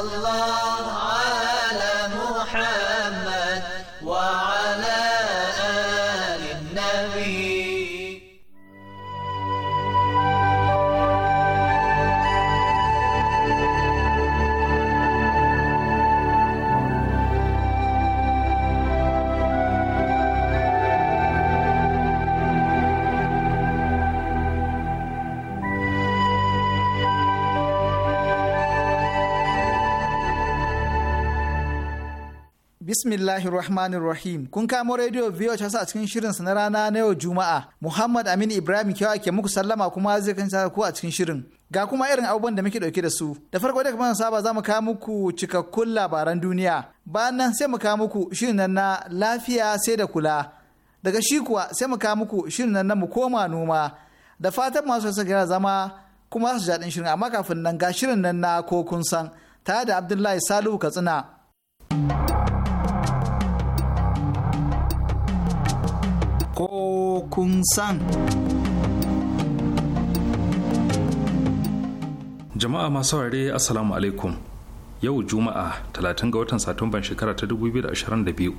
الله على محمد Bismillahi Rahmanir Rahim. Kun kamo radio biyo a a cikin shirin sa na rana na yau Juma'a. Muhammad Amin Ibrahim kyawa ke muku sallama kuma zai kanta ku a cikin shirin. Ga kuma irin abubuwan da muke dauke da su. Da farko da kamar saba za mu kawo muku cikakkun labaran duniya. Bayan nan sai mu kawo muku shirin na lafiya sai da kula. Daga shi kuwa sai mu kawo muku shirin na mu koma noma. Da fatan masu sa zama kuma su jaɗin shirin amma kafin nan ga shirin nan na ko kun san. Tare da Abdullahi Salihu Katsina. ko kun san. Jama'a masu ware Assalamu alaikum. Yau Juma'a 30 ga watan Satumban shekara ta 2022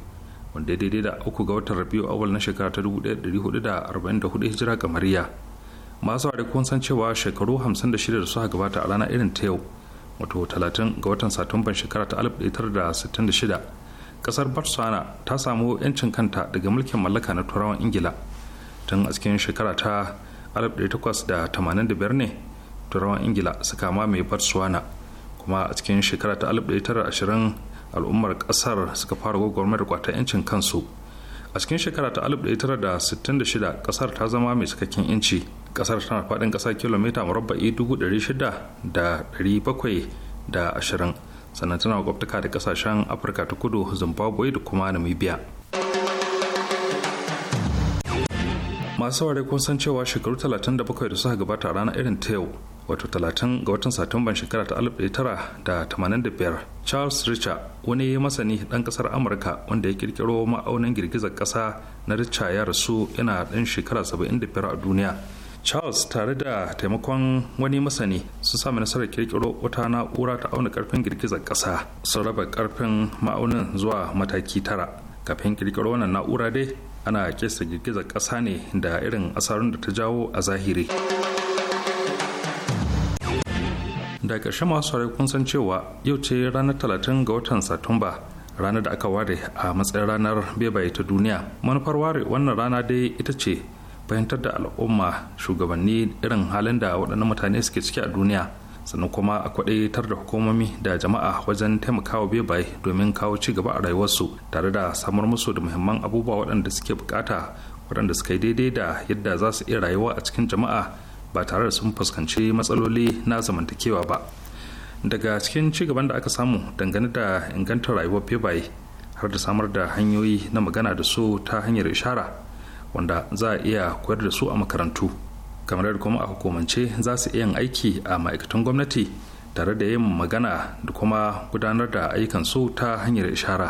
wanda daidai da uku ga watan Rabiu awal na shekara ta 1444 hijira ga Mariya. Masu ware kun san cewa shekaru 56 da suka gabata a rana irin ta yau wato 30 ga watan Satumban shekara ta 1966 kasar botswana ta samu 'yancin kanta daga mulkin mallaka na turawan ingila tun a cikin shekara ta 1885 ne turawan ingila suka mamaye botswana kuma a cikin shekara ta 1920 al'ummar kasar suka fara gwagwarmar kwata 'yancin kansu a cikin shekara ta 1966 kasar ta zama mai cikakken 'yanci kasar tana faɗin ƙasa kilomita murabba'i 720. sannan tana gwabtaka da kasashen afirka ta kudu zimbabwe da kuma namibia masu ware kun san cewa shekaru 37 da suka gabata a ranar irin ta yau wato 30 ga watan satumban shekara ta 1985 charles richard wani masani dan kasar amurka wanda ya kirkiro ma'aunin girgizar kasa na richard ya rasu yana dan shekara 75 a duniya charles tare da taimakon wani masani sun sami nasarar kirkiro wata na'ura ta auna karfin girgizar ƙasa sun raba karfin ma'aunin zuwa mataki tara kafin kirkiro wannan na'ura dai ana kesa girgizar ƙasa ne da irin asarun da ta jawo a zahiri da ƙarshe masu sarai kun san cewa yau ce ranar talatin ga watan satumba ranar da aka ware a matsayin ranar bebaye ta duniya manufar ware wannan rana dai ita ce fahimtar da al'umma shugabanni irin halin da waɗannan mutane suke ciki a duniya sannan kuma a kwaɗaitar da hukumomi da jama'a wajen taimakawa bebaye domin kawo ci gaba a rayuwarsu tare da samar musu da muhimman abubuwa waɗanda suke bukata waɗanda suka yi daidai da yadda za su iya rayuwa a cikin jama'a ba tare da sun fuskanci matsaloli na zamantakewa ba daga cikin ci gaban da aka samu dangane da ingantar rayuwar bebaye har da samar da hanyoyi na magana da su ta hanyar ishara wanda za a iya koyar da su a makarantu kamar yadda kuma a hukumance za su iya yin aiki a ma'aikatan gwamnati tare da yin magana da kuma gudanar da ayyukan su ta hanyar ishara.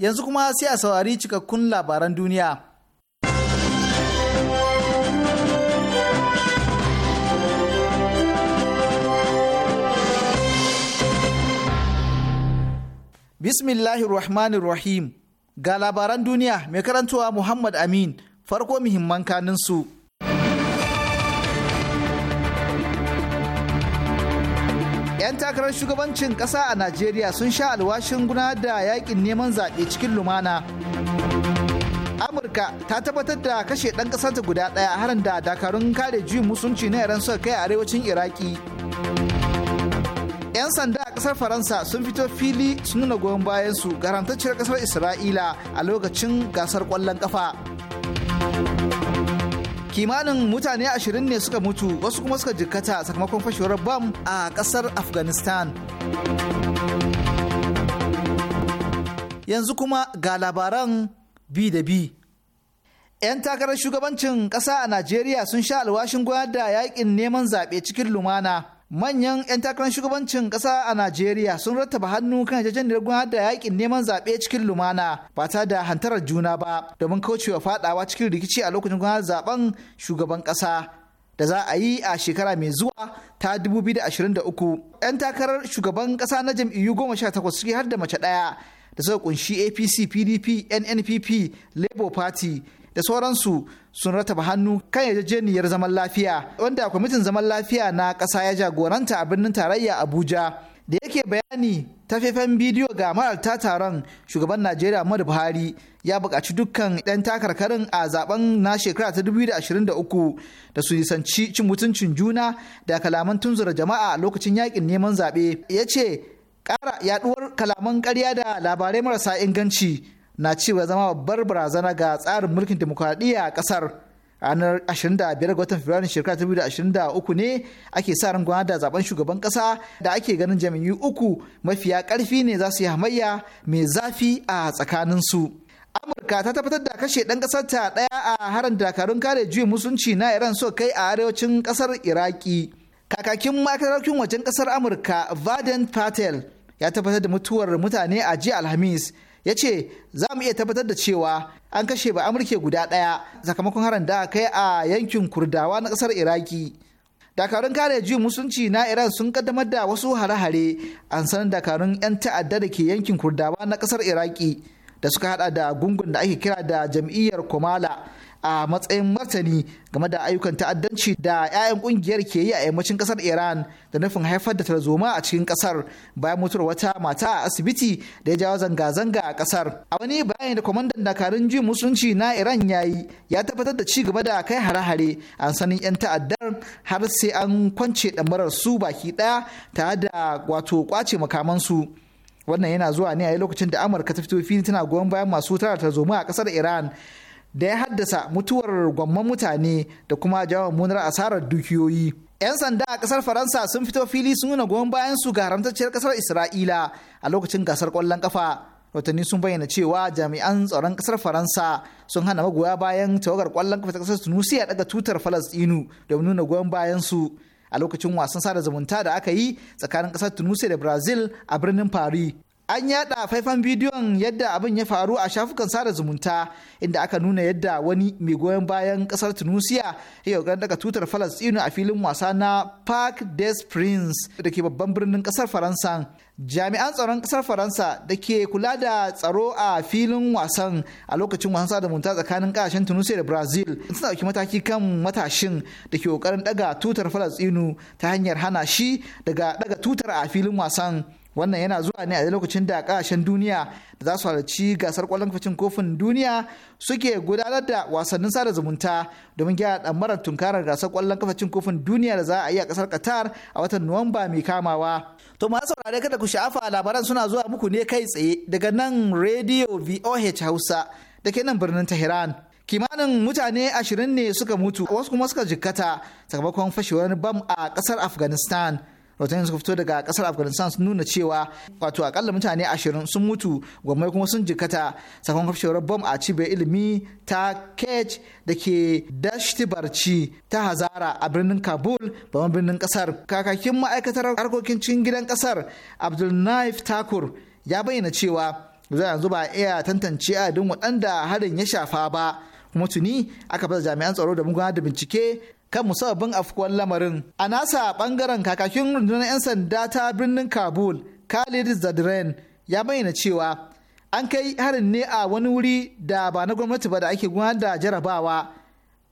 yanzu kuma sai a saurari cikakkun labaran duniya. Bismillahirrahmanirrahim ga labaran duniya mai karantowa Muhammad Amin farko muhimman kaninsu. su. 'yan takarar shugabancin ƙasa a najeriya sun sha alwashin guna da yakin neman zaɓe cikin lumana amurka ta tabbatar da kashe ɗan ƙasarta guda ɗaya harin da dakarun kare juyin musunci na iran suka kai a arewacin iraki 'yan sanda a ƙasar faransa sun fito fili sun nuna goyon bayansu garantacciyar ƙasar isra'ila a lokacin gasar ƙwallon ƙafa kimanin mutane 20 ne suka mutu wasu kuma suka jikkata sakamakon fashewar bam a kasar afghanistan yanzu kuma ga labaran bi da bi 'yan takarar shugabancin ƙasa a najeriya sun sha alwashin gwada da yakin neman zaɓe cikin lumana manyan 'yan takarar shugabancin ƙasa a Najeriya sun rattaba hannu kan yarjejeniyar gudanar da yakin neman zaɓe cikin lumana ba ta da hantarar juna ba domin kaucewa faɗawa cikin rikici a lokacin gudanar zaben shugaban ƙasa da za a yi a shekara mai zuwa ta 2023. 'Yan takarar shugaban ƙasa na jam'iyyu goma sha takwas suke har da mace ɗaya da suka kunshi APC, PDP, NNPP, Labour Party, da sauransu sun rataba hannu kan yarjejeniyar zaman lafiya wanda kwamitin zaman lafiya na ƙasa ya jagoranta a birnin tarayya abuja da yake bayani ta faifan bidiyo ga maralta taron shugaban najeriya muhammadu buhari ya buƙaci dukkan 'yan takarkarin a zaben na shekara ta 2023 da su nisanci cin mutuncin juna da kalaman tunzura jama'a a lokacin yakin neman zaɓe ya ce ƙara yaɗuwar kalaman ƙarya da labarai marasa inganci na cewa zama babbar barazana ga tsarin mulkin demokuraɗiyya a ƙasar ranar 25 ga watan Fabrairu shekarar 2023 ne ake sa ran gwamnati da zaben shugaban ƙasa da ake ganin jami'u uku mafiya karfi ne za su yi hamayya mai zafi a tsakanin su. Amurka ta tabbatar da kashe ɗan ƙasar ta ɗaya a harin dakarun kare juyin musulunci na Iran so kai a arewacin ƙasar Iraki. Kakakin makarakin wajen ƙasar Amurka Vaden Patel ya tabbatar da mutuwar mutane a jiya Alhamis ya ce za mu iya tabbatar da cewa an kashe ba amurke guda ɗaya sakamakon haran da kai a yankin kurdawa na ƙasar iraki dakarun kare ji musulunci na iran sun kaddamar da wasu hare-hare an sanar dakarun 'yan ta'adda da ke yankin kurdawa na ƙasar iraki da suka hada da gungun da ake kira da jam'iyyar komala a matsayin martani game da ayyukan ta'addanci da 'ya'yan kungiyar ke yi a yammacin kasar iran da nufin haifar da tarzoma a cikin kasar bayan mutuwar wata mata a asibiti da ya jawo zanga-zanga a kasar a wani bayani da kwamandan dakarun jin musulunci na iran ya yi ya tabbatar da ci gaba da kai hare-hare a sanin 'yan ta'addar har sai an kwance ɗamarar su baki ɗaya tare da wato kwace makamansu wannan yana zuwa ne a lokacin da amurka ta fito fili tana goyon bayan masu tara tarzoma a kasar iran da ya haddasa mutuwar gwamman mutane da kuma jawo munar asarar dukiyoyi. 'Yan sanda a kasar Faransa sun fito fili sun nuna goyon bayan su ga haramtacciyar kasar Isra'ila a lokacin gasar kwallon kafa. Rotanni sun bayyana cewa jami'an tsaron kasar Faransa sun hana magoya bayan tawagar kwallon kafa ta kasar Tunusiya daga tutar Falastinu domin nuna goyon bayan su a lokacin wasan sada zumunta da aka yi tsakanin kasar Tunusiya da Brazil a birnin Paris. an yada faifan bidiyon yadda abin ya faru a shafukan sada zumunta inda aka nuna yadda wani mai goyon bayan kasar tunusiya ya yi daga tutar falastinu a filin wasa na park des prince da ke babban birnin kasar faransa jami'an tsaron kasar faransa da ke kula da tsaro a filin wasan a lokacin wasan sada zumunta tsakanin kasashen tunusiya da brazil suna dauki mataki kan matashin da ke kokarin daga tutar falastinu ta hanyar hana shi daga daga tutar a filin wasan wannan yana zuwa ne a lokacin da kasashen duniya da za su halarci gasar kwallon kafin kofin duniya suke gudanar da wasannin sada zumunta domin gyara damarar tunkarar gasar kwallon kafin kofin duniya da za a yi a kasar qatar a watan nuwamba mai kamawa to masu saurare kada ku sha'afa labaran suna zuwa muku ne kai tsaye daga nan radio voh hausa da ke nan birnin tehran kimanin mutane ashirin ne suka mutu wasu kuma suka jikkata sakamakon fashewar bam a kasar afghanistan rahotanni suka fito daga kasar afghanistan sun nuna cewa wato akalla mutane ashirin sun mutu gwamnati kuma sun jikata sakon kafshewar bom a cibiyar ilimi ta kej da ke dashti barci ta hazara a birnin kabul babban birnin kasar kakakin ma'aikatar harkokin cikin gidan kasar abdul naif takur ya bayyana cewa za yanzu ba iya tantance adadin waɗanda harin ya shafa ba kuma tuni aka fasa jami'an tsaro da mugana da bincike kan musabbabin afkuwar lamarin. A nasa bangaren kakakin rundunar 'yan sanda ta birnin Kabul, Khalid Zadren, ya bayyana cewa an kai harin ne a wani wuri da ba na gwamnati ba da ake gudanar da jarabawa.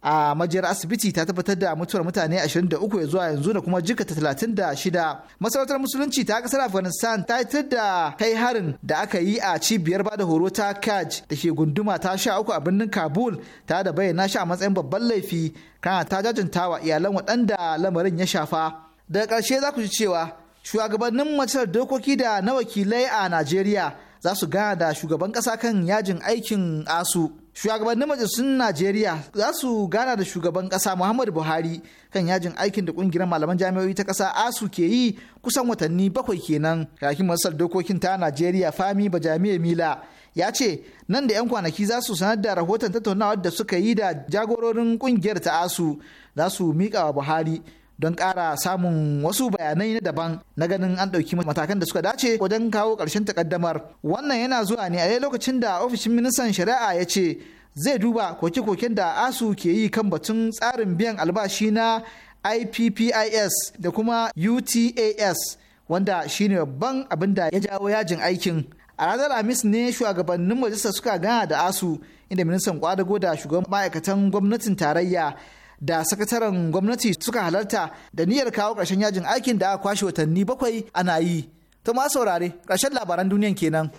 a majiyar asibiti ta tabbatar da mutuwar mutane 23 ya zuwa yanzu da kuma jikata 36 masarautar musulunci ta kasar afghanistan ta tar da kai harin da aka yi a cibiyar bada horo ta kaj da ke gunduma ta sha uku a birnin kabul ta da bayyana shi a matsayin babban laifi kana ta jajanta wa iyalan waɗanda lamarin ya shafa daga ƙarshe za ku ji cewa shugabannin majalisar dokoki da na wakilai a najeriya za su gana da shugaban ƙasa kan yajin aikin asu shugabannin majalisun najeriya za su gana da shugaban kasa muhammadu buhari kan yajin aikin da kungiyar malaman jami'o'i ta kasa asu ke yi kusan watanni bakwai kenan kakin masar dokokin ta najeriya fami jami'a mila ya ce nan da 'yan kwanaki za su sanar da rahoton tattaunawar da suka yi da jagororin kungiyar ta asu za su miƙa wa buhari don ƙara samun wasu bayanai na daban na ganin an ɗauki matakan da suka dace wajen kawo ƙarshen takaddamar wannan yana zuwa ne a lokacin da ofishin ministan shari'a ya ce zai duba koke-koken da asu ke yi kan batun tsarin biyan albashi na ippis da kuma utas wanda shine babban abin da ya jawo yajin aikin a ranar alhamis ne shugabannin majalisa suka gana da asu inda ministan kwadago da shugaban ma'aikatan gwamnatin tarayya da sakataren gwamnati suka halarta da niyyar kawo ƙarshen yajin aikin da aka kwashe watanni bakwai ana yi. To ma saurare ƙarshen labaran duniyan kenan.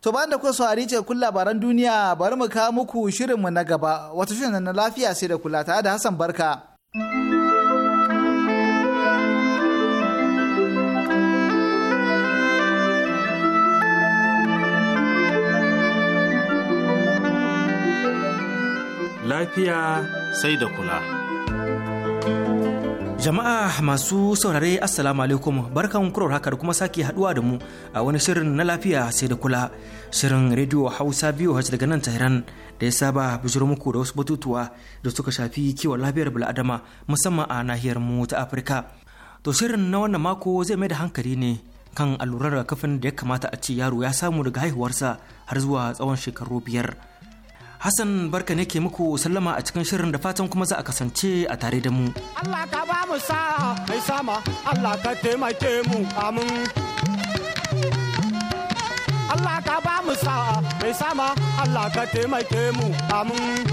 To bayan da kuka saurari cikakkun labaran duniya bari mu kawo muku shirin mu na gaba wata shirin na lafiya sai da kula tare da Hassan Barka. lafiya sai da kula. Jama'a masu saurare Assalamu alaikum barkan kurar haka da kuma sake haduwa da mu a wani shirin na lafiya sai da kula shirin rediyo Hausa biyu hajji daga nan Tehran da ya saba bijiro muku da wasu batutuwa da suka shafi kiwon lafiyar bil'adama musamman a nahiyar mu ta Afirka. To shirin na wannan mako zai mai da hankali ne kan allurar kafin da ya kamata a ce yaro ya samu daga haihuwarsa har zuwa tsawon shekaru biyar. Hassan barka ne ke muku sallama a cikin shirin da fatan kuma za a kasance a tare da mu. Allah ka ba mu sa mai sama Allah ka taimake mu amin. Allah ka ba mu sa mai sama Allah ka taimake mu amin.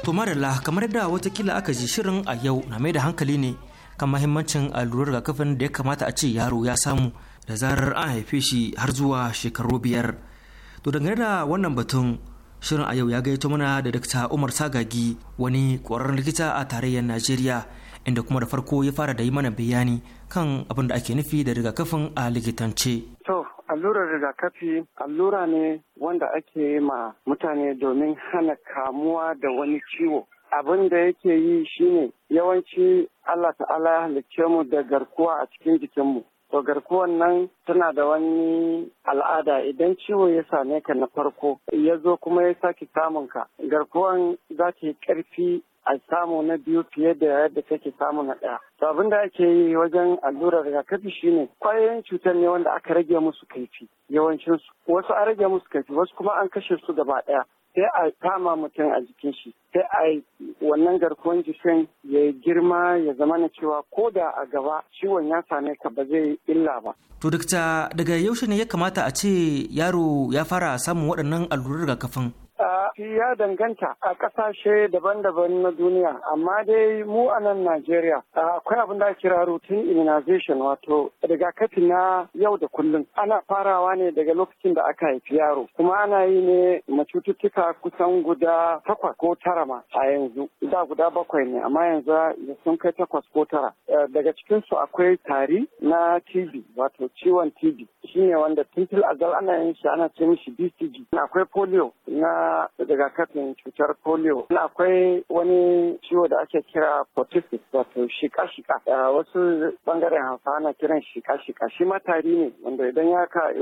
To marala kamar da watakila aka ji shirin a yau na mai da hankali ne kan mahimmancin allurar kafin da ya kamata a ce yaro ya samu da zarar an haife shi har zuwa shekaru biyar. To dangane da wannan batun Shirin a yau ya gaito mana da Dr. Umar Sagagi wani ƙwararren likita a tarayyar Najeriya inda kuma da farko ya fara da yi mana bayani kan abin da ake nufi da rigakafin a likitance. To, allurar rigakafi allura ne wanda ake yi ma mutane domin hana kamuwa da wani ciwo. Abin da yake yi shine yawanci Allah ta'ala halicce mu da garkuwa a cikin jikinmu. to garkuwan nan tana da wani al'ada idan ciwo ya same ka na farko ya zo kuma ya sake samun ka garkuwan za ta yi ƙarfi a samu na biyu fiye da yadda kake samu na ɗaya. To abin da ake yi wajen allurar rigakafi shine kwayoyin cutar ne wanda aka rage musu kaifi yawancinsu. Wasu an rage musu kaifi wasu kuma an kashe su gaba ɗaya. sai a kama mutum a jikin shi sai a wannan garkuwan jikin ya girma ya zama na cewa ko da a gaba ciwon ya same ka ba zai illa ba. To dakta daga yaushe ne ya kamata a ce yaro ya fara samun waɗannan allurar rigakafin? ya danganta a ƙasashe daban-daban na duniya amma dai mu a nan Najeriya akwai abin da kira routine immunization wato rigakafi na yau da kullum ana farawa ne daga lokacin da aka haifi yaro kuma ana yi ne ma kusan guda takwas ko tara ma a yanzu da guda bakwai ne amma yanzu sun kai takwas ko tara eh, daga cikin su akwai tari na TB wato ciwon TB shine wanda tuntun azal ana yin shi ana ce mishi BCG akwai polio na na rigakafin cutar polio. Akwai wani ciwo da ake kira potisis wato shika-shika. Wasu bangaren hausa ana kiran shika-shika. Shi ma tari ne wanda idan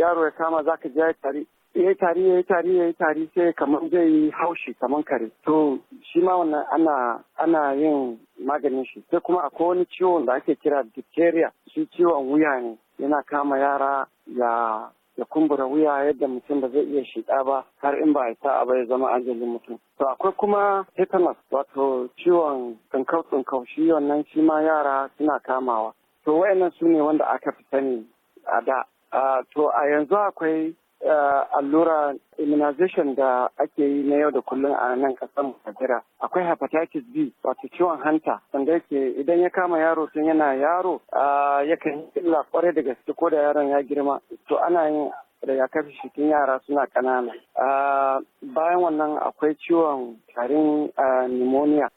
yaro ya kama za ji tari. ya yi tari ya yi tari ya yi tari sai kamar zai yi haushi kamar kare to shi ma wannan ana yin maganin shi sai kuma akwai wani ciwon da ake kira diphtheria shi ciwon wuya ne yana kama yara ya ya kumbura wuya yadda mutum ba zai iya shiga ba har in ba a sa'a ba ya zama ajalin mutum. To akwai kuma tetanus wato ciwon tsinkau tsinkau shi wannan shi ma yara suna kamawa. To wayannan su ne wanda aka fi sani a da. Ah, to a yanzu akwai Eh, allura immunization da ake yi na yau da kullum a nan kasar Najeriya akwai hepatitis B wato ciwon hanta wanda yake idan ya kama yaro tun yana yaro ah, yakan illa kwarai da gaske ko da yaron ya girma to ana yin rigakafi cikin yara suna ƙanana. Bayan wannan akwai ciwon tarin pneumonia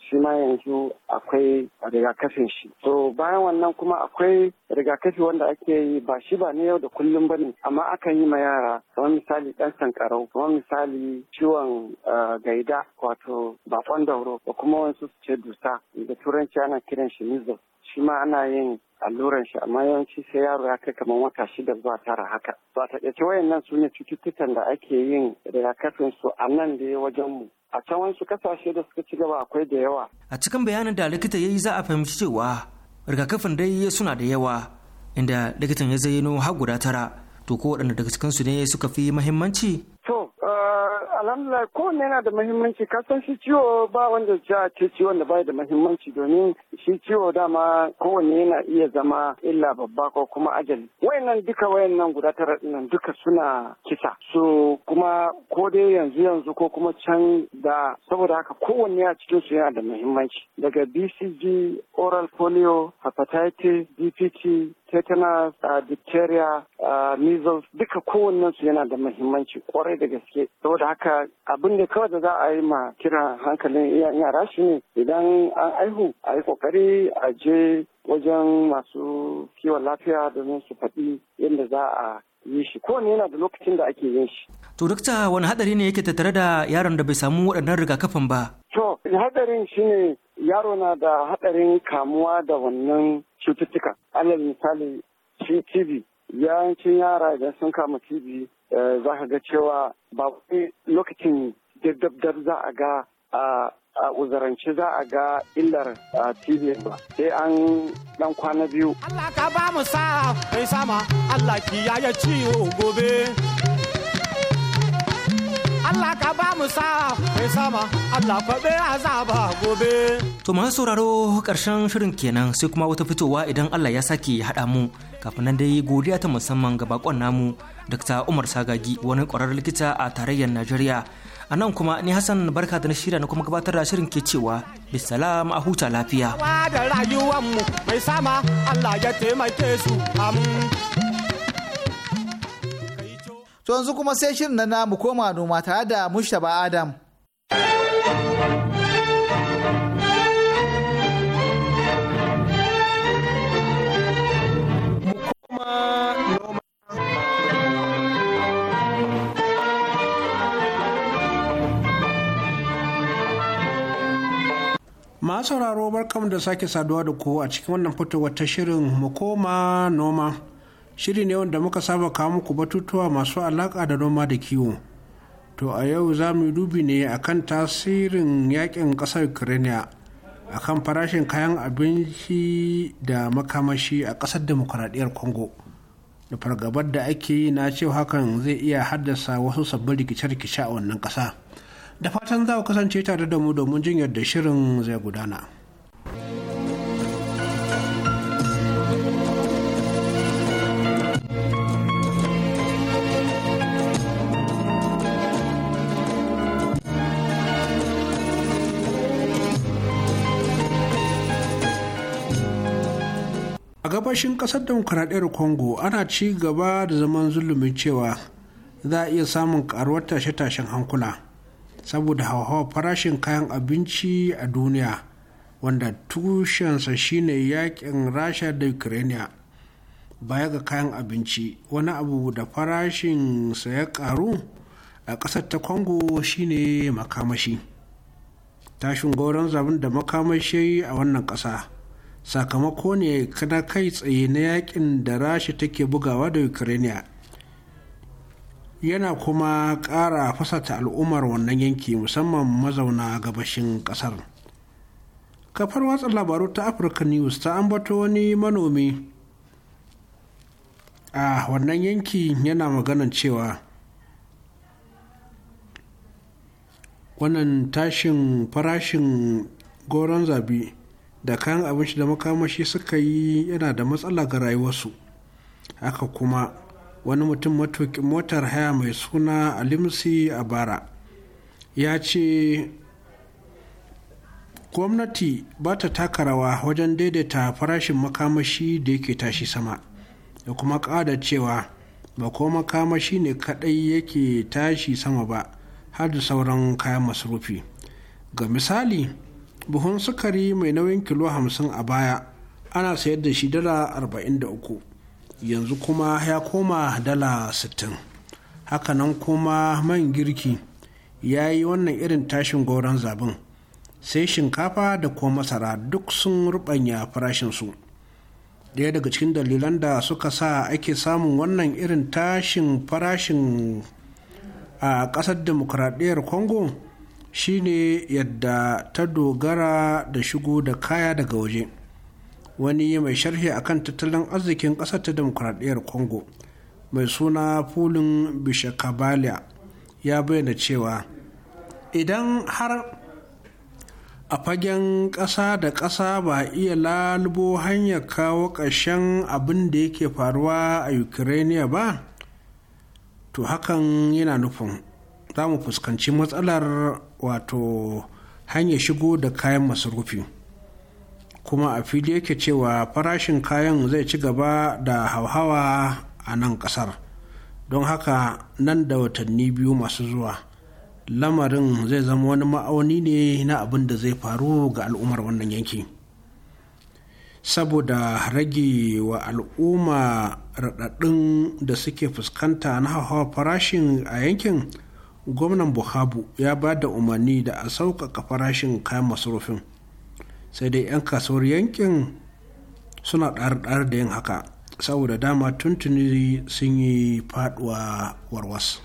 shi ma yanzu akwai rigakafin shi. To bayan wannan kuma akwai rigakafi wanda ake yi ba shi ba ne yau da kullum ba ne amma akan yi ma yara kamar misali ɗan sankarau kamar misali ciwon gaida wato bakon dauro da kuma wasu su ce dusa da turanci ana kiran shi measles shi ma ana yin alluran shi amma yawanci sai yaro ya kai kamar wata shida zuwa tara haka to a taƙaice wayannan su ne cututtukan da ake yin rigakafin su a nan da wajen mu a can wasu kasashe da suka ci gaba akwai da yawa a cikin bayanin da likita ya yi za a fahimci cewa rigakafin dai suna da yawa inda likitan ya zayyano har guda tara to ko waɗanda daga cikinsu ne suka fi muhimmanci To, eh, alhamdulillah wanne yana da mahimmanci kasan shi ciwo ba wanda ja ce ciwon da bai da mahimmanci domin shi ciwo dama kowanne yana iya zama illa babba ko kuma ajali. Wayannan duka wayannan guda tara nan duka suna kisa. So kuma ko dai yanzu yanzu ko kuma can da saboda haka kowanne a cikin su yana da mahimmanci. Daga BCG, oral polio, hepatitis, DPT, tetanus diphtheria uh, uh, measles duka kowannen su yana da muhimmanci kwarai da gaske saboda haka abin da kawai da za a yi ma kiran hankalin iyayen yara ne idan an aihu a yi kokari a je wajen masu kiwon lafiya domin su faɗi yadda za a yi shi ko ne yana da lokacin da ake yin shi. To dokta wani hadari ne yake tattare da yaron da bai samu waɗannan rigakafin ba? To hadarin ne yaro na da hadarin kamuwa da wannan cututtuka. Alal misali shi TB yawancin yara idan sun kama TB eh, za ka ga cewa ba lokacin dabdab za a ga a ah, a uzaranci za a ga illar tv ba sai an dan kwana biyu Allah ka ba mu sa mai sama Allah ya ciwo gobe Allah ka ba mu sa mai sama Allah be azaba gobe. To masu sauraro karshen shirin kenan sai kuma wata fitowa idan Allah ya sake haɗa mu kafin nan dai godiya ta musamman ga bakon namu Dr. Umar Sagagi wani kwararren likita a tarayyar Najeriya. A nan kuma ni Hassan barka da na shirya na kuma gabatar da shirin ke cewa bisalam a huta lafiya. da mu mai sama Allah To yanzu kuma sai shirin na mu koma noma tare da Mushtaba Adam. masu sauraro barkamu da sake saduwa da ku a cikin wannan fitowa ta shirin mu koma noma shiri ne wanda muka saba kawo muku batutuwa masu alaƙa da noma da kiwo to a yau za mu dubi ne akan tasirin yakin ƙasar ukraine akan farashin kayan abinci da makamashi a ƙasar demokuraɗiyar congo da fargabar da ake yi na cewa hakan zai iya haddasa wasu sabbin rikice-rikice a wannan ƙasa da fatan za ku kasance tare da mu domin jin yadda shirin zai gudana. A gabashin ƙasar demokuraɗiyar Congo ana ci gaba da zaman zulumin cewa za a iya samun ƙaruwar tashe-tashen hankula. saboda hauhawar farashin kayan abinci a duniya wanda tushensa shine yakin rasha da ukraine baya ga kayan abinci wani abu da farashinsa ya karu a ƙasar ta congo shine makamashi tashin goron zabin da makamashi a wannan ƙasa sakamako ne kana kai tsaye na yakin da rasha take bugawa da ukraine yana kuma ƙara fasata al'ummar wannan yanki musamman mazauna gabashin ƙasar kafar watsa labaru ta africa news ta ambato wani manomi a wannan yanki yana maganan cewa wannan tashin farashin goron zabi da kayan abinci da makamashi suka yi yana da matsala ga rayuwarsu haka kuma wani mutum matuƙin motar haya mai suna alimsi a Bara, ya ce gwamnati ba ta taka rawa wajen daidaita farashin makamashi da yake tashi sama da kuma ƙada cewa ba ko makamashi ne kaɗai yake tashi sama ba har da sauran kayan masarufi ga misali buhun sukari mai nauyin kilo 50 a baya ana sayar da shi dala 43 yanzu kuma ya koma dala 60 hakanan kuma man girki ya yi wannan irin tashin goron zabin sai shinkafa da kuma masara duk sun rubanya farashinsu ɗaya daga cikin dalilan da suka sa ake samun wannan irin tashin farashin a ƙasar demokuraɗiyyar congo shine yadda ta dogara da shigo da kaya daga waje. wani mai sharhi a kan tattalin arzikin ƙasar ta demokuraɗiyar congo mai suna fulin bishakabalia ya bayyana cewa idan har a fagen ƙasa da ƙasa ba a iya lalubo hanyar kawo ƙarshen abin da yake faruwa a ukraine ba to hakan yana nufin za mu fuskanci matsalar wato hanyar shigo da kayan masarufi. kuma a fili yake cewa farashin kayan zai ci gaba da hauhawa a nan kasar don haka nan da watanni biyu masu zuwa lamarin zai zama wani ma'auni ne na abin da zai faru ga al'ummar wannan yanki saboda rage wa al'umma raɗaɗin da suke fuskanta na hauhawa farashin a yankin gwamnan buhabu ya ba da umarni da a sauƙaƙa farashin kayan masarufin sai dai 'yan kasuwar yankin suna ɗarɗar da yin haka saboda dama tuntuni sun yi faduwa warwas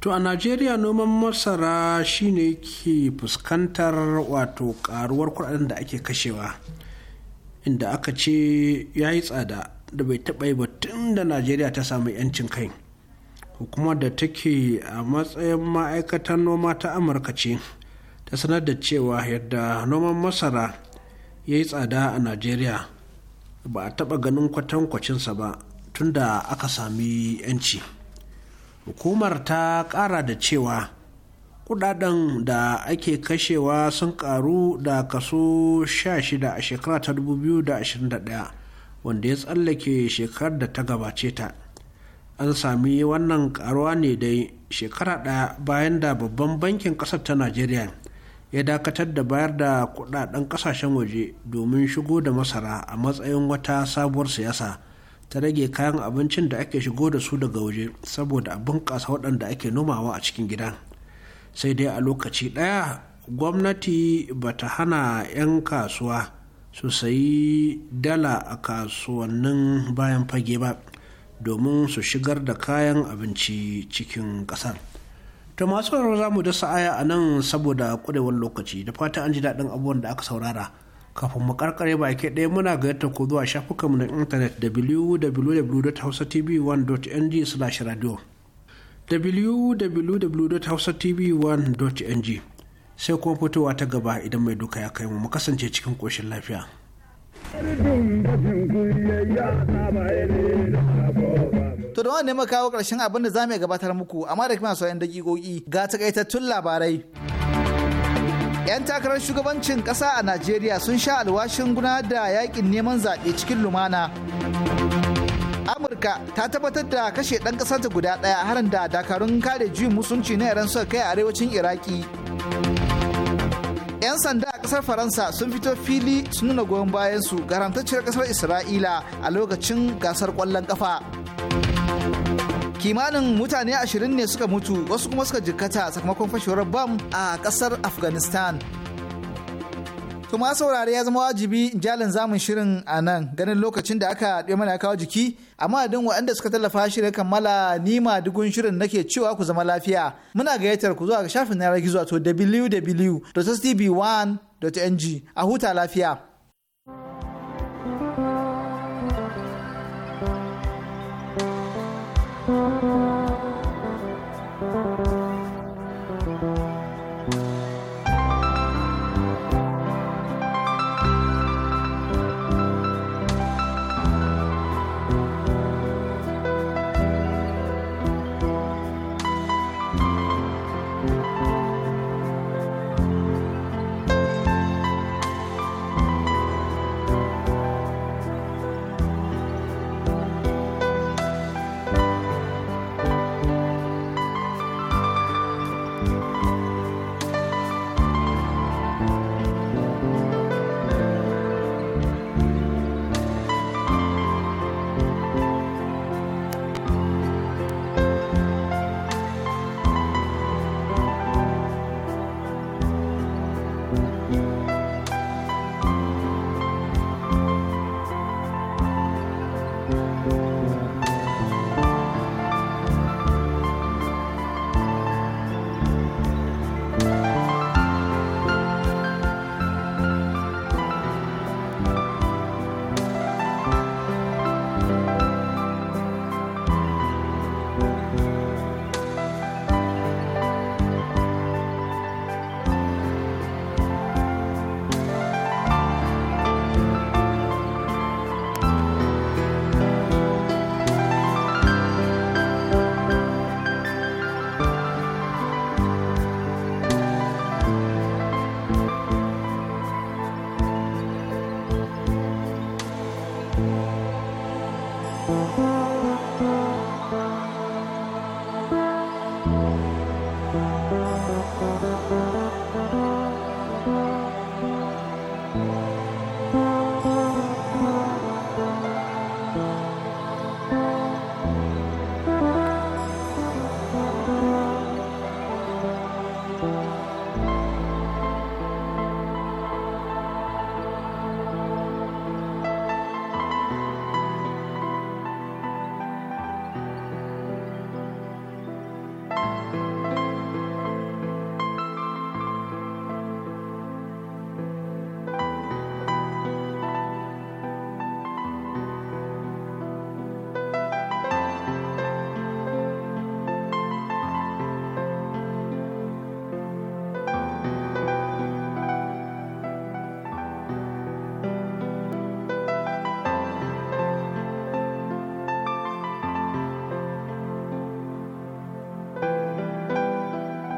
to a najeriya noman masara shine ke fuskantar wato karuwar kudaden da ake kashewa inda aka ce ya yi tsada da bai taɓa yi ba tun da najeriya ta samu 'yancin kai hukumar da take a matsayin ma'aikatan noma ta amurka ce ta sanar da cewa yadda noman masara ya yi tsada a najeriya ba a taɓa ganin kwatankwacinsa ba tun da aka sami 'yanci hukumar ta ƙara da cewa kudaden da ake kashewa sun karu da kaso 16 a shekara ta 2021 wanda ya tsallake shekarar da ta gabace ta an sami wannan karuwa ne dai shekara ɗaya bayan da babban bankin ƙasar ta najeriya ya dakatar da bayar da kudaden kasashen waje domin shigo da masara a matsayin wata sabuwar siyasa ta rage kayan abincin da ake shigo da su daga waje saboda a kasa waɗanda ake nomawa a cikin gida sai dai a lokaci ɗaya gwamnati ba ta hana 'yan kasuwa su sayi dala a kasuwannin bayan fage ba domin su shigar da kayan abinci cikin ƙasar. To masu sauraro za mu dasa aya a nan saboda kudewar lokaci da fata an ji daɗin abubuwan da aka saurara. Kafin mu karkare baki ɗaya muna gayyata ko zuwa shafukanmu na intanet www.hausatv1.ng slash radio www.hausatv1.ng sai kuma fitowa ta gaba idan mai duka ya kai mu mu kasance cikin ƙoshin lafiya. To da wani ne makawo karshen abin da za mu gabatar muku amma da kuma sauran gigogi, ga takaitattun labarai. 'Yan takarar shugabancin ƙasa a Najeriya sun sha alwashin guna da yakin neman zaɓe cikin lumana. Amurka ta tabbatar da kashe ɗan ƙasarta guda ɗaya harin da dakarun kare juyin musulunci na yaran suka kai a arewacin Iraki. 'yan sanda a kasar faransa sun fito fili sun nuna goyon bayan su garantacciyar kasar isra'ila a lokacin gasar kwallon kafa kimanin mutane ashirin ne suka mutu wasu kuma suka jikkata sakamakon fashewar bam a kasar afghanistan kuma saurare ya zama wajibi jalin zamun shirin a nan ganin lokacin da aka ɗaya mana kawo jiki amma don waɗanda suka tallafa shirin kammala nima dugun shirin nake cewa ku zama lafiya muna gayyatar ku zuwa ga shafin na gizo wato wwwstb 1ng a huta lafiya. thank you